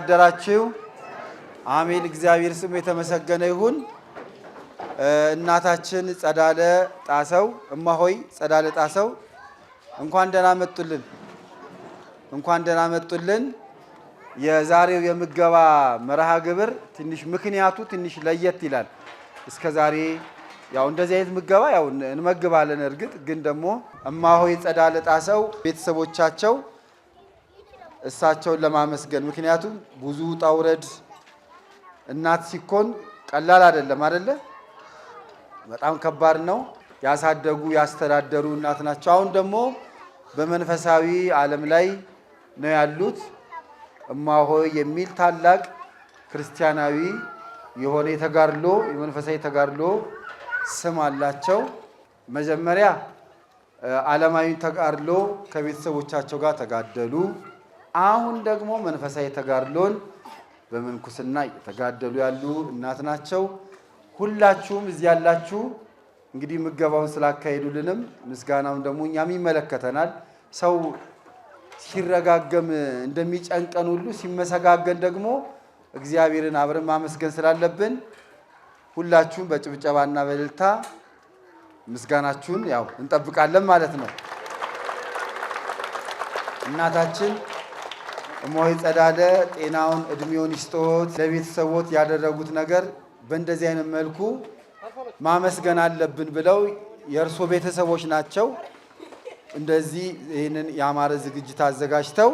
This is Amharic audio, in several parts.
አደራችሁ። አሜን። እግዚአብሔር ስሙ የተመሰገነ ይሁን። እናታችን ጸዳለ ጣሰው እማሆይ ጸዳለ ጣሰው እንኳን ደህና መጡልን፣ እንኳን ደህና መጡልን። የዛሬው የምገባ መርሃ ግብር ትንሽ ምክንያቱ ትንሽ ለየት ይላል። እስከ ዛሬ ያው እንደዚህ አይነት ምገባ ያው እንመግባለን። እርግጥ ግን ደግሞ እማሆይ ጸዳለ ጣሰው ቤተሰቦቻቸው እሳቸውን ለማመስገን። ምክንያቱም ብዙ ውጣ ውረድ እናት ሲኮን ቀላል አይደለም አይደለ? በጣም ከባድ ነው። ያሳደጉ ያስተዳደሩ እናት ናቸው። አሁን ደግሞ በመንፈሳዊ አለም ላይ ነው ያሉት። እማሆይ የሚል ታላቅ ክርስቲያናዊ የሆነ የተጋድሎ የመንፈሳዊ ተጋድሎ ስም አላቸው። መጀመሪያ አለማዊ ተጋድሎ ከቤተሰቦቻቸው ጋር ተጋደሉ። አሁን ደግሞ መንፈሳዊ ተጋድሎን በምንኩስና እየተጋደሉ ያሉ እናት ናቸው። ሁላችሁም እዚህ ያላችሁ እንግዲህ ምገባውን ስላካሄዱልንም ምስጋናውን ደግሞ እኛም ይመለከተናል። ሰው ሲረጋገም እንደሚጨንቀን ሁሉ ሲመሰጋገን ደግሞ እግዚአብሔርን አብረን ማመስገን ስላለብን ሁላችሁም በጭብጨባና በእልልታ ምስጋናችሁን ያው እንጠብቃለን ማለት ነው። እናታችን እሞይ ጸዳለ ጤናውን እድሜውን ይስጦት። ለቤተሰቦት ያደረጉት ነገር በእንደዚህ አይነት መልኩ ማመስገን አለብን ብለው የእርሶ ቤተሰቦች ናቸው እንደዚህ ይህንን የአማረ ዝግጅት አዘጋጅተው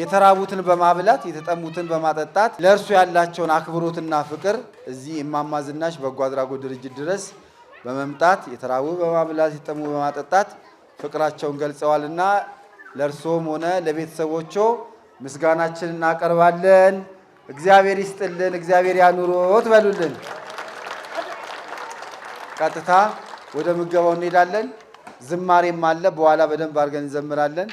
የተራቡትን በማብላት የተጠሙትን በማጠጣት ለእርሱ ያላቸውን አክብሮትና ፍቅር እዚህ እማማ ዝናሽ በጎ አድራጎት ድርጅት ድረስ በመምጣት የተራቡ በማብላት የተጠሙ በማጠጣት ፍቅራቸውን ገልጸዋልና ለእርሶም ሆነ ለቤተሰቦቾ ምስጋናችን እናቀርባለን። እግዚአብሔር ይስጥልን፣ እግዚአብሔር ያኑሮት በሉልን። ቀጥታ ወደ ምገባው እንሄዳለን። ዝማሬም አለ፣ በኋላ በደንብ አድርገን እንዘምራለን።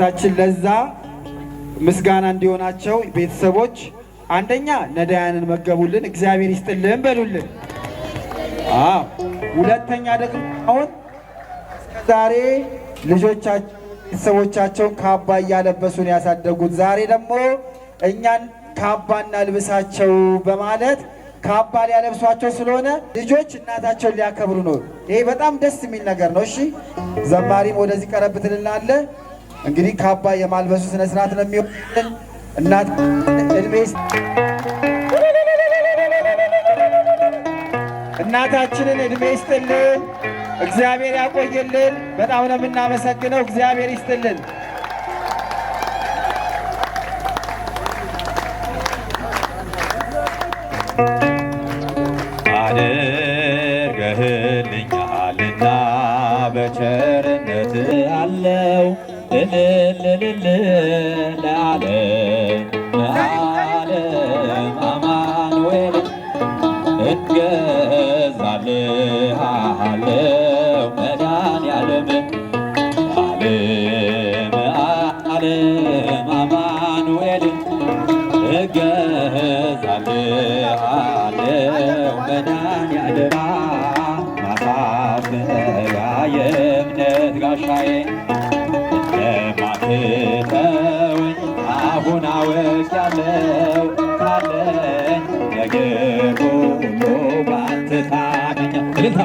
አባታችን ለዛ ምስጋና እንዲሆናቸው ቤተሰቦች አንደኛ ነዳያንን መገቡልን፣ እግዚአብሔር ይስጥልን በሉልን። ሁለተኛ ደግሞ አሁን ዛሬ ልጆቻቸው ቤተሰቦቻቸውን ካባ እያለበሱን ያሳደጉት ዛሬ ደግሞ እኛን ካባ እናልብሳቸው በማለት ካባ ሊያለብሷቸው ስለሆነ ልጆች እናታቸውን ሊያከብሩ ነው። ይሄ በጣም ደስ የሚል ነገር ነው። እሺ ዘማሪም ወደዚህ ቀረብ ትልናለ። እንግዲህ ካባ የማልበሱ ስነ ስርዓት ነው የሚሆን። እናት እድሜ እናታችንን እድሜ ይስጥልን፣ እግዚአብሔር ያቆይልን። በጣም ነው የምናመሰግነው። እግዚአብሔር ይስጥልን። አድርገህልኛልና በቸርነት አለው እልልልል ለዓለም አማኑኤል እንገዛልሃለን እልልታ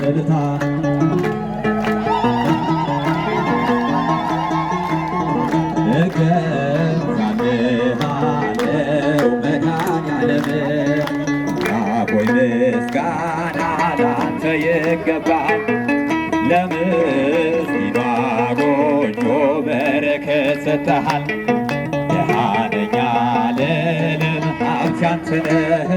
በእልልታ እገዛልሃለው መድኃኒዓለም አቦይ ምስጋና ላንተ ይገባል ለምስኪኗ ጎጆ በረከት ሰጥተሃል ደሃ ነኝ አልልም ነህ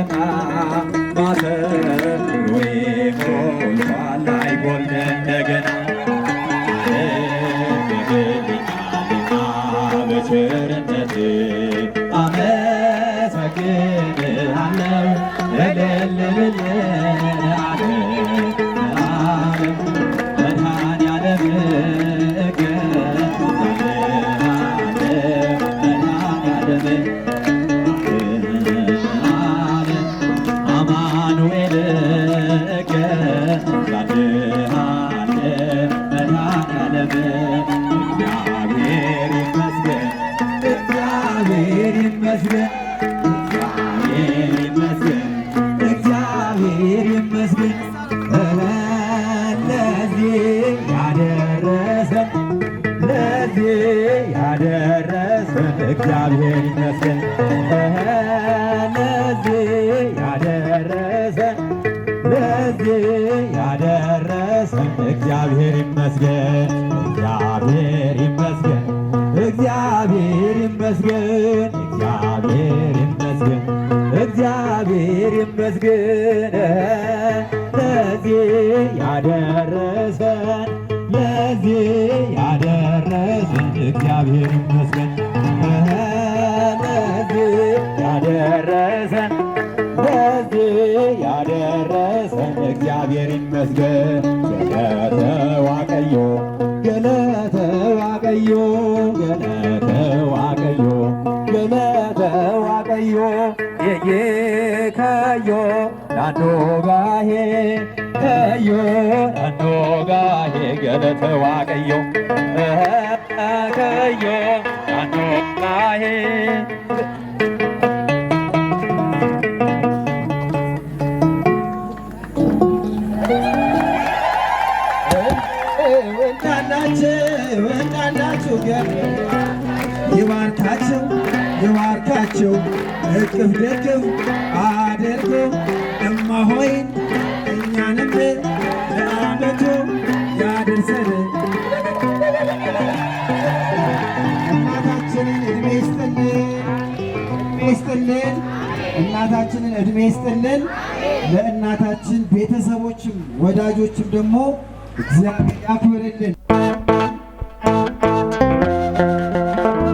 ያደረሰን እግዚአብሔር ይመስገን። ለዚህ ያደረሰን እግዚአብሔር ይመስገን። እግዚአብሔር ይመስገን። እግዚአብሔር ይመስገን። እግዚአብሔር ይመስገን። እግዚአብሔር ይመስገን። ለዚህ ያደረሰን ለዚህ ያደረሰን እግዚአብሔር ይመስገን። ለዚህ ያደረሰን ለዚህ ያደረሰን እግዚአብሔር ይመስገን። ገለተ ዋቀዮ ገለተ ዋቀዮ ገለተ ዋቀዮ ገለተ ዋቀዮ የየከዮ አንዶ ጋሄ ተዮ አንዶ ጋሄ ገለተ ዋቀዮ ከዮ አንዶ ጋሄ ወጣላችሁ እቅፍ ድቅፍ አድርጉ ሆይ እኛንም ለዓመቱ ያደርሰን። እናታችንን እድሜ ይስጥልን፣ ይስጥልን። እናታችንን እድሜ ይስጥልን። ለእናታችን ቤተሰቦችም ወዳጆችም ደግሞ እግዚአብሔር ያክብርልን።